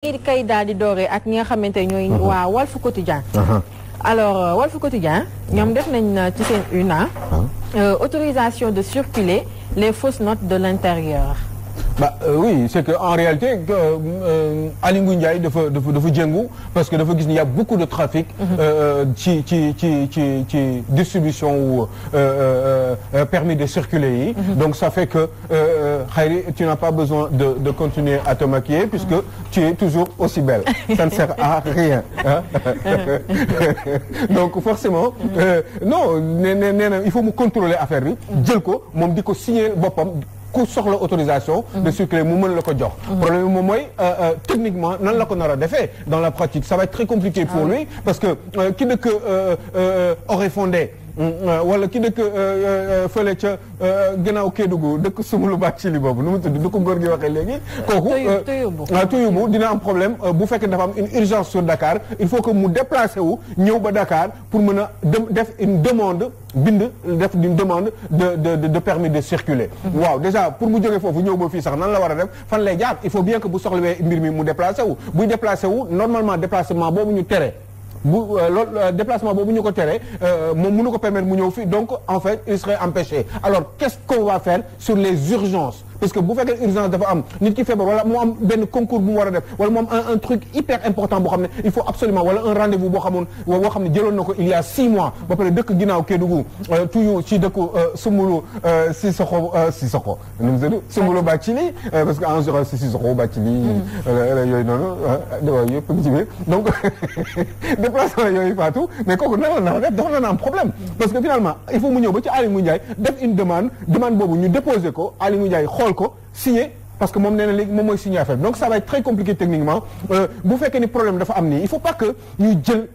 ngi kay daal di dooree ak ñi nga xamante ñooy uh-huh. waa Walf Quotidien uh-huh. alors euh, Walf Quotidien ñoom def nañ euh, ci seen une uh-huh. euh, autorisation de circuler les fausses notes de l'intérieur bah euh, oui c'est que en réalité que euh, Aliou Ndiaye dafa dafa dafa jëngu parce que dafa gis ni y a beaucoup de trafic. Mm-hmm. Euh, euh, ci ci ci ci ci distribution wu permis de circuler yi. Mm-hmm. donc ça fait que Khayri tu n'as pas besoin de de continuer à te maquiller puisque mm-hmm. tu es toujours aussi belle ça ne sert à rien hein? donc forcément. non nee na il faut mu contrôler affaire bi. jël ko moom di ko signer boppam. ku soxla autorisation mhm. de circuler mu mën la ko jox mhm. problème bi moom mooy euh, euh, techniquement nan la ko nar a defee dans la pratique ça va être très compliqué pour ah. lui parce que euh, ki dëkk Oréfondé Mm, wala ki dëkk euh, euh, euh, fële ca ginnaaw Kédougou dëkk Sumulu Bacili boobu nu mu tudd du ko góor gi waxee léegi. kooku Tuyubu dina am problème bu fekkee dafa am une urgence sur Dakar il faut que mu déplacé wu ñëw ba Dakar pour mën a def une demande bind def une demande de de de permis de circuler. Mhm. waaw déjà pour mu jógee foofu ñëw ba fii sax nan la war a def fan lay jaar il faut bien que bu soxlawee mbir mi mu déplacé wu buy déplacé wu normalement déplacement boobu ñu tere. bu euh, loolu euh, déplacement boobu ñu ko tere euh, moom mënu ko permettre mu ñëw fii donc en fait il serait empêché alors qu'est-ce qu'on va faire sur les urgences parce que bu fekkee urgence dafa am nit ki feebar wala mu am benn concours bu mu war def wala mu am un truc hyper important boo xam ne il faut absolument wala un rendez-vous xam ne jëloon na ko il y a mois ba pare dëkk ginnaaw Kédougou euh, toujours ci dëkku Soumboulou euh, euh, Sissoko Sissoko nu mu tudd Soumboulou Bathily parce que en général Sissoko Bathily mm. yooyu noonu yëpp ngi ci biir donc déplacement yooyu Fatou mais kooku nana naa def dafa na am problème parce que finalement il faut xool ko signé parce que moom nee na léegi moom mooy signé affaire donc ça va être très compliqué techniquement euh, bu fekkee ni problème dafa am nii il faut pas que ñuy jël.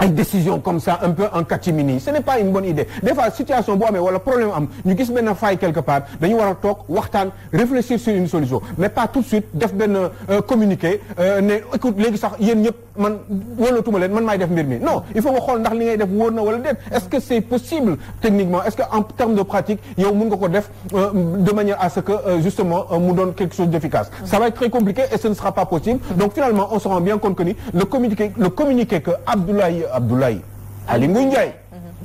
ay décision comme ça un peu en catimini ce n'est pas une bonne idée des situation boo amee wala problème am ñu gis benn faille quelque part dañu war a toog waxtaan réfléchir sur une solution mais pas tout de suite def benn euh, communiqué euh, ne écoute léegi sax yéen ñëpp man wóolatuma leen man maay def mbir mi non il faut nga xool ndax li def wóor na wala déet est-ce que c'est possible techniquement en termes de pratique yow mun nga def euh, de manière à ce que justement Abdoulaye Ali Ngouille Ndiaye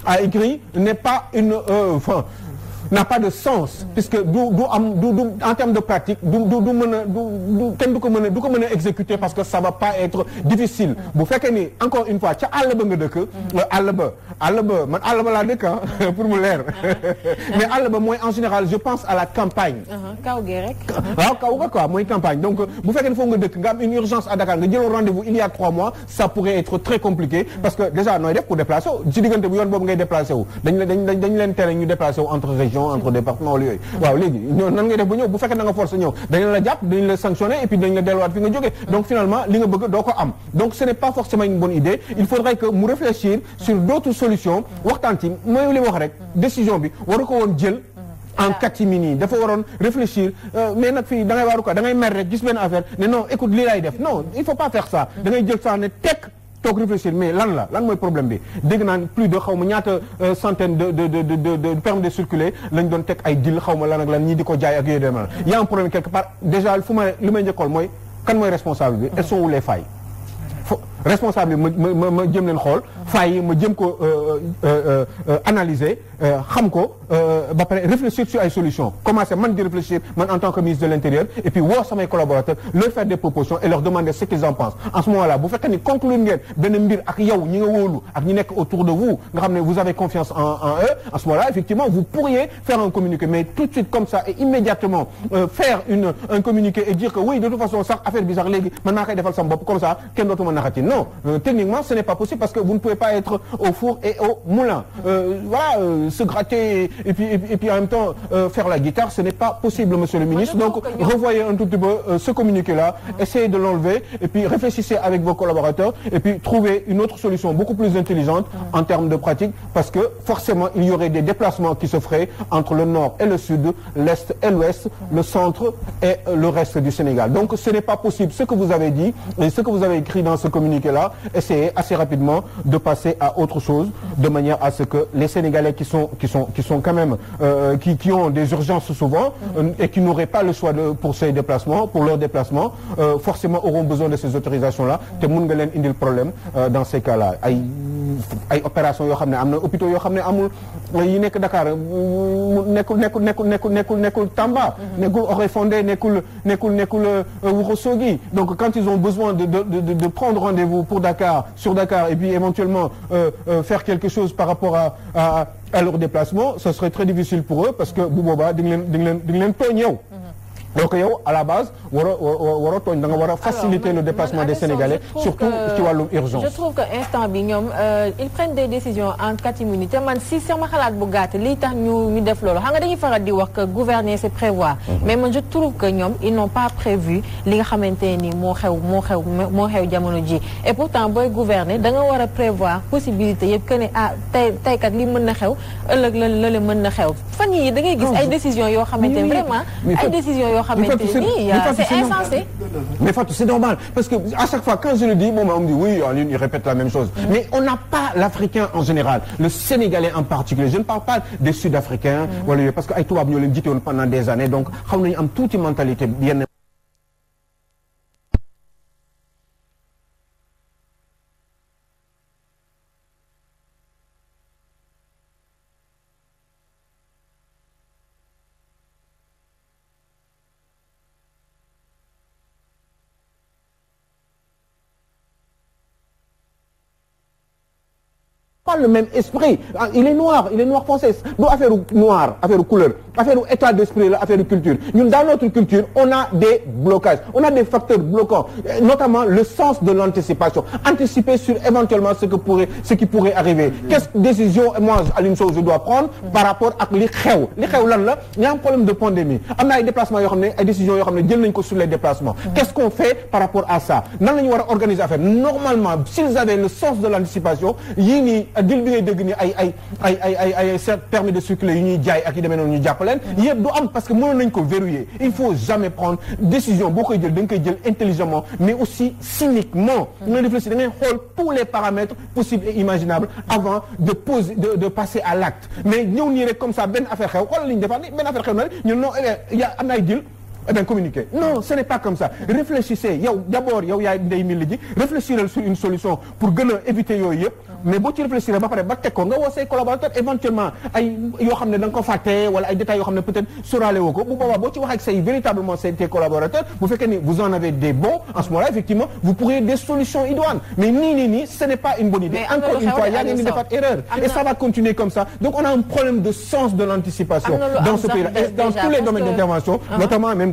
a écrit n'est pas une enfin euh, n'a pas de sens puisque du du am du du en termes de pratique du du du mën a parce que ça va pas être difficile bu fekkee ni encore une fois ca àll ba nga dëkk euh, àll ba àll ba man àll ba pour mu leer mais àll ba en général je pense à la campagne uh-huh. kaw gi rek waaw campagne donc euh, bu fekkee ni foofu nga dëkk nga une urgence à Dakar nga jëloon rendez-vous il y a trois mois ça pourrait être très compliqué parce que déjà nooy def pour déplacer wu ci diggante bu région entre département wala yooyu waaw léegi ñoo nan ngay def ba ñëw bu fekkee da nga force ñëw dañu la jàpp dañu la sanctionner et puis dañu la delluwaat fi nga jógee donc finalement li nga bëgg doo ko am donc ce n'est pas forcément une bonne idée il faudrait que mu réfléchir sur d'autres solutions waxtaan mooy li ma wax rek décision bi waru ko woon jël en catimini dafa waroon réfléchir euh, mais nag fii da ngay waaru quoi da ngay mer rek gis benn affaire ne non écoute lii laay def non il faut pas toog réfléchir mais lan la lan mooy problème bi dégg naan plus de xaw ma ñaata euh, centaine de de de de de permis de circuler lañ doon teg ay dil xaw ma lan ak lan ñii di ko jaay ak yooyu demee y a un problème quelque part déjà fu ma li may njëkkoon mooy kan mooy responsable bi. elles sont où faay failles. responsable bi ma ma ma jéem leen xool. failles yi ma jëm ko euh, euh, euh, réfléchir sur ay solutions commencer man di réfléchir man en tant que ministre de l'intérieur et puis woo samay collaborateurs leur faire des propositions et leur demander ce qu'ils en pensent en ce moment là bu fekkee ni conclure ngeen benn mbir ak confiance en eux effectivement vous pourriez faire un communiqué mais tout de suite comme ça et immédiatement euh, faire une un communiqué et dire que oui de toute façon pouvez pas être au four et au moulin euh, voilà euh, se gratter et puis et puis, et puis en même temps euh, faire la guitare ce n'est pas possible monsieur le ministre donc revoyez un tout petit peu euh, ce communiqué là ah. essayez de l'enlever et puis réfléchissez avec vos collaborateurs et puis trouvez une autre solution beaucoup plus intelligente ah. en termes de pratique parce que forcément il y aurait des déplacements qui se feraient entre le nord et le sud l'est et l'ouest ah. le centre et euh, le reste du Sénégal donc ce n'est pas possible ce que vous avez dit et ce que vous avez écrit dans ce communiqué là essayez assez rapidement de passer à autre chose de manière à ce que les Sénégalais qui sont qui sont qui sont quand même euh, qui qui ont des urgences souvent euh, et qui n'auraient pas le choix de pour ces déplacements pour leurs déplacements euh, forcément auront besoin de ces autorisations là te mën nga leen indil problème euh, dans ces cas-là ay ay opération yoo xam ne am na hôpitaux yoo xam ne amul euh, yi nekk Dakar euh, nekkul nekkul nekkul nekkul nekkul nekkul Tamba mhm. nekkul Oréfondé nekkul nekkul nekkul euh, Ourossogui donc quand ils ont besoin de de de de prendre rendez-vous pour Dakar sur Dakar et puis éventuellement euh, euh, faire quelque chose par rapport à à à leur déplacement ce serait très difficile pour eux parce que bu boobaa di nga leen di nga leen di nga leen tooñ yow donc yow à la base waroo waroo tooñ a faciliter le déplacement des Sénégalais surtout ci wàllum urgence. je trouve que instant bi ñoom euh, ils prennent des décisions en catimini te man si sama xalaat bu gàtt lii tax ñu ñu def loolu xam nga dañuy faral di wax que gouverner c'est prévoir. Mhm. mais man je trouve que ñoom ils n'ont pas prévu li nga xamante ni moo xew moo xew moo xew jamono ji et pourtant booy gouverner da nga war a prévoir possibilité yëpp que ne ah tey tey kat li mën na xew ëllëg la la mën na xew fan yii xamante mais Fatou c'est normal parce que à chaque fois quand je le dis moom on dit oui il répète la même chose. Mm. mais on n'a pas l'Africain en général le Sénégalais en particulier je ne parle pas des sud mm. parce que ay tubaab ñoo leen pendant des années donc xam nañu am tuuti mentalité yenn. pas le même esprit ah, il est noir il est noir foncé du affaire noir couleur affaire état d'esprit la affaire culture dans notre culture on a des blocages on a des facteurs bloquants euh, notamment le sens de l'anticipation anticiper sur éventuellement ce qui pourrait arriver qu'est-ce que décision moi Alioune Sow je dois prendre par rapport ak li xew li xew a un problème de pandémie am na ay déplacements yoo xam ne qu'est-ce qu'on fait ak jël bi ngay dégg ni ay ay ay ay ay ay ay permis de circuler yu ñuy jaay ak yu demee noonu mm-hmm. am parce que mënoon nañ ko verrouiller il faut jamais prendre décision boo koy jël da nga koy jël intelligemment mais aussi cyniquement mm-hmm. nga réfléchir da ngay tous les paramètres possibles et imaginables avant de poser de de passer à l'acte mais ñëw nii rek comme ça benn affaire xew xoolal li ñu defaat ni benn affaire xew na rek ñun non ay jël eh non ce n'est pas comme ça réfléchissez yow d'abord yow yaay ndey mi li ji une solution pour gën éviter yooyu mais boo ci réfléchir ba pare ba teg ko collaborateur éventuellement ay yoo xam ne da nga ko fàtte wala peut-être sóoraale woo ko bu boobaa boo ci véritablement say tes collaborateurs bu fekkee ni ce n'est pas une bonne idée encore une fois erreur et ça va continuer comme ça donc on a un problème de sens de l'anticipation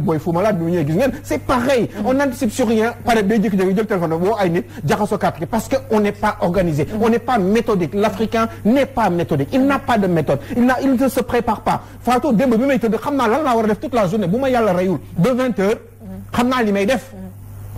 booy fu malade bi mu ñëwee gis ngeen c' pareil mm. on n'anticipe sur rien pare bay jékki-jékki jël téléphone ay nit jaxasoo carte gi parce que n'est pas organisé mm. on n'est pas méthodique l' n'est pas méthodique il n'a pas de méthode il ne se prépare pas Fatou démb bi may tëdd xam toute la journée bu ma de vingt heures mm. xam def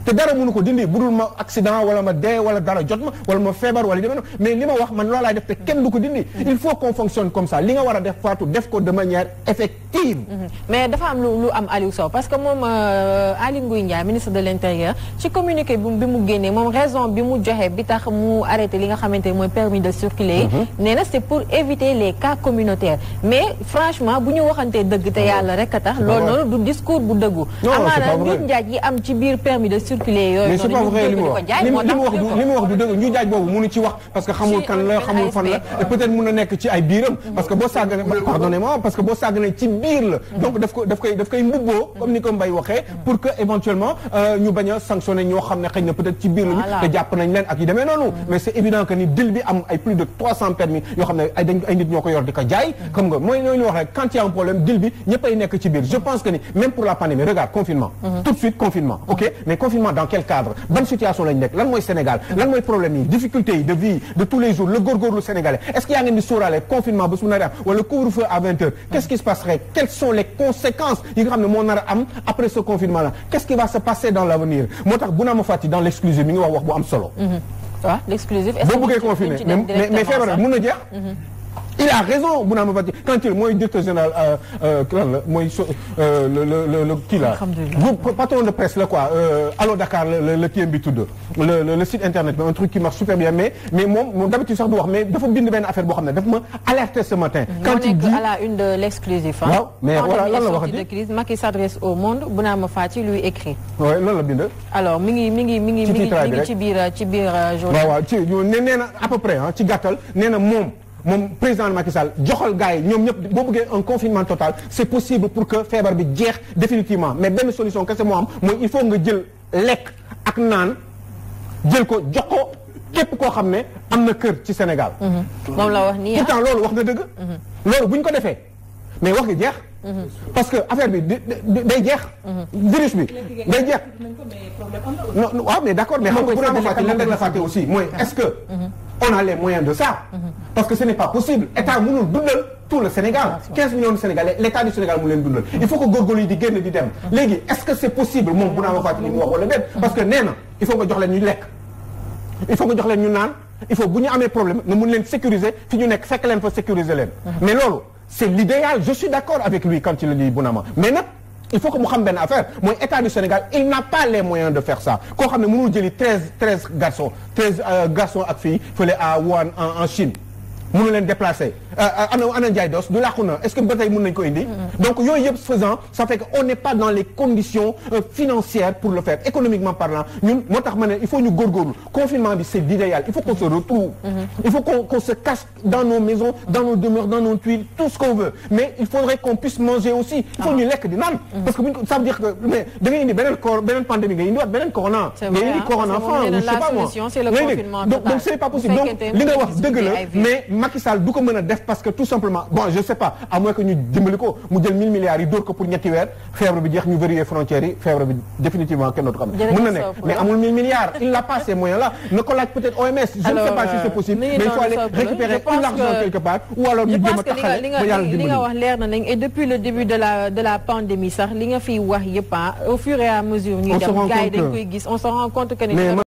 te dara mënu ko dindi budul ma accident wala ma dee wala dara jot ma wala ma feebar wala demee mais li ma wax man loolaay def te kenn du ko dindi. Mhm. il faut qu'on fonctionne comme ça li nga war a def Fatou def ko de manière effective. Mhm. mais dafa am lu am Aliou Sow parce que moom euh, Aly Ngouille Ndiaye ministre de l'intérieur ci communiqué bi mu génnee moom raison bi mu joxe bi tax mu arrêté li nga xamante mooy permis de circuler yi. Mhm. c'est pour éviter surplus mais c'est pas vrai li mu wax li mu wax du li mu wax du dëgg ci wax parce que xamul fan la peut-être mën na nekk ci ay biiram. parce que boo sàggane pardonnez ci biir la. Mm. donc daf koy mbubboo comme ni ko Mbaye waxee mm. pour que éventuellement euh, ñu bañ a ñoo xam ne xëy na peut-être ci biir la. te jàpp nañ leen ak yu demee noonu. Mm. mais c'est évident que ni dil bi am ay plus de 300 permis yoo xam ne ay nit ñoo ko yor di ko jaay. xam nga mooy loolu wax exactement dans quel cadre ban situation lañ nekk lan mooy Sénégal problème difficulté de vie de tous les jours le góorgóorlu sénégalais est-ce que yaa ngeen di sóoraale confinement ba su nar couvre-feu à 20 heures qu'est-ce qui se passerait quelles sont les conséquences yi nga après ce confinement là qu'est-ce qui va se passer dans l'avenir moo tax Bounama dans l'exclusif mi mm-hmm. ah? mais mais feebar mën il a raison Bounama Baldé quand il mooy directeur général lan euh, euh, la mooy euh, le le le kii la. patron de presse la quoi allo Dakar la la kii bi tudd. le le site internet bi un truc qui marche super bien mais mais moom moom d'habitude sax du wax mais dafa bind benn affaire boo xam ne daf ma alerté ce matin. quand il dit à la une de l'exclusif waaw mais voilà lan la wax de crise Macky s'adresse au monde Bounama Fati lui écrit. waaw lan la bind. alors mi ngi mi ngi mi ngi mi ngi ci biir ci biir journal. waaw waaw ci nee na à peu près ah ci gàttal nee na moom. moom président Macky Sall joxal gars yi ñoom ñëpp boo bëggee un confinement total c'est possible pour que feebar bi jeex définitivement mais benn solution kese moo am mooy il faut nga jël lekk ak naan jël ko jox képp koo xam ne am na kër ci Sénégal. Mm-hmm. moom la wax nii ah. pourtant loolu wax na dëgg. Mm-hmm. loolu bu ñu ko defee mais wax gi jeex. Mm-hmm. parce que affaire bi day jeex. virus bi day jeex. non waaw mais d'accord mais xam nga bu la fàtte lan la fàtte mooy est-ce que on a les moyens de ça. parce que ce n'est pas possible état mënul dundal tout le Sénégal 15 millions de Sénégalais l'état du Sénégal mu leen dundal il faut que góorgóorlu yi di génn di dem léegi est-ce que c'est possible moom bu naa ma fàttali parce que nee il faut nga jox leen il faut nga jox leen naan il faut bu ñu amee problème nga mun leen sécuriser fi ñu nekk fekk leen fa sécuriser leen mais loolu c'est l'idéal je suis d'accord avec lui quand il dit Bounama mais mooy état du Sénégal il n'a pas les moyens de faire ça koo xam ne mënul jëli 13 euh, ak filles fële à Wuhan en Chine mu mënu leen déplacer Euh, euh, ana ana Ndiaye Dos du làqu na est-ce que ba tey mën nañu ko indi. Mm. donc yooyu yëpp faisant ça fait que on n'est pas dans les conditions euh, financières pour le faire économiquement parlant ñun moo tax ma ne il faut ñu góorgóorlu confinement bi c'est l'idéal il faut qu'on se retrouve mm-hmm. il faut qu'on qu'on se cache dans nos maisons dans nos demeures dans nos tuiles tout ce qu'on veut mais il faudrait qu'on puisse manger aussi il faut ah. ñu lekk di naan mm. parce que buñ ko ça veut dire que mais da ngay indi beneen corps beneen pandémie nga indiwaat beneen corona nga indi corona fan je sais pas moi donc c'est pas possible donc li nga wax dëgg la mais Macky Sall du ko mën a def parce que tout simplement bon je sais pas à moins que ñu dimbali ko mu jël 1000 milliards yi dóor ko pour ñetti weer feebar bi jeex ñu vérifier frontières yi feebar bi définitivement kenn dootu ko am. mën milliards il n'a pas ces moyens là na ko peut-être OMS. je ne sais pas si c'est euh, possible mais il faut aller récupérer l'argent quelque part ou alors ñu jéem a taxale ba yàlla depuis le début de la pandémie sax li nga